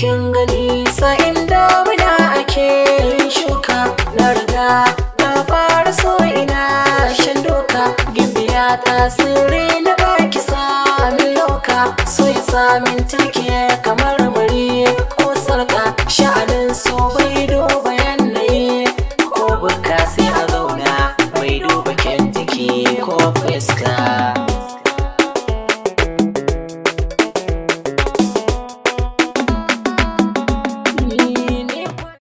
kin gani sa'in damuna ake shuka na riga na fara so ina shan doka gibiya ta sirri na baki sami loka so ya samin take kamar